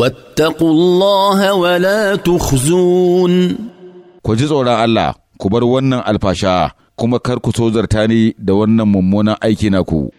واتقوا الله ولا تخزون ku ji tsoron Allah ku bar wannan alfasha kuma kar ku so zarta ni da wannan mummunan aiki ku.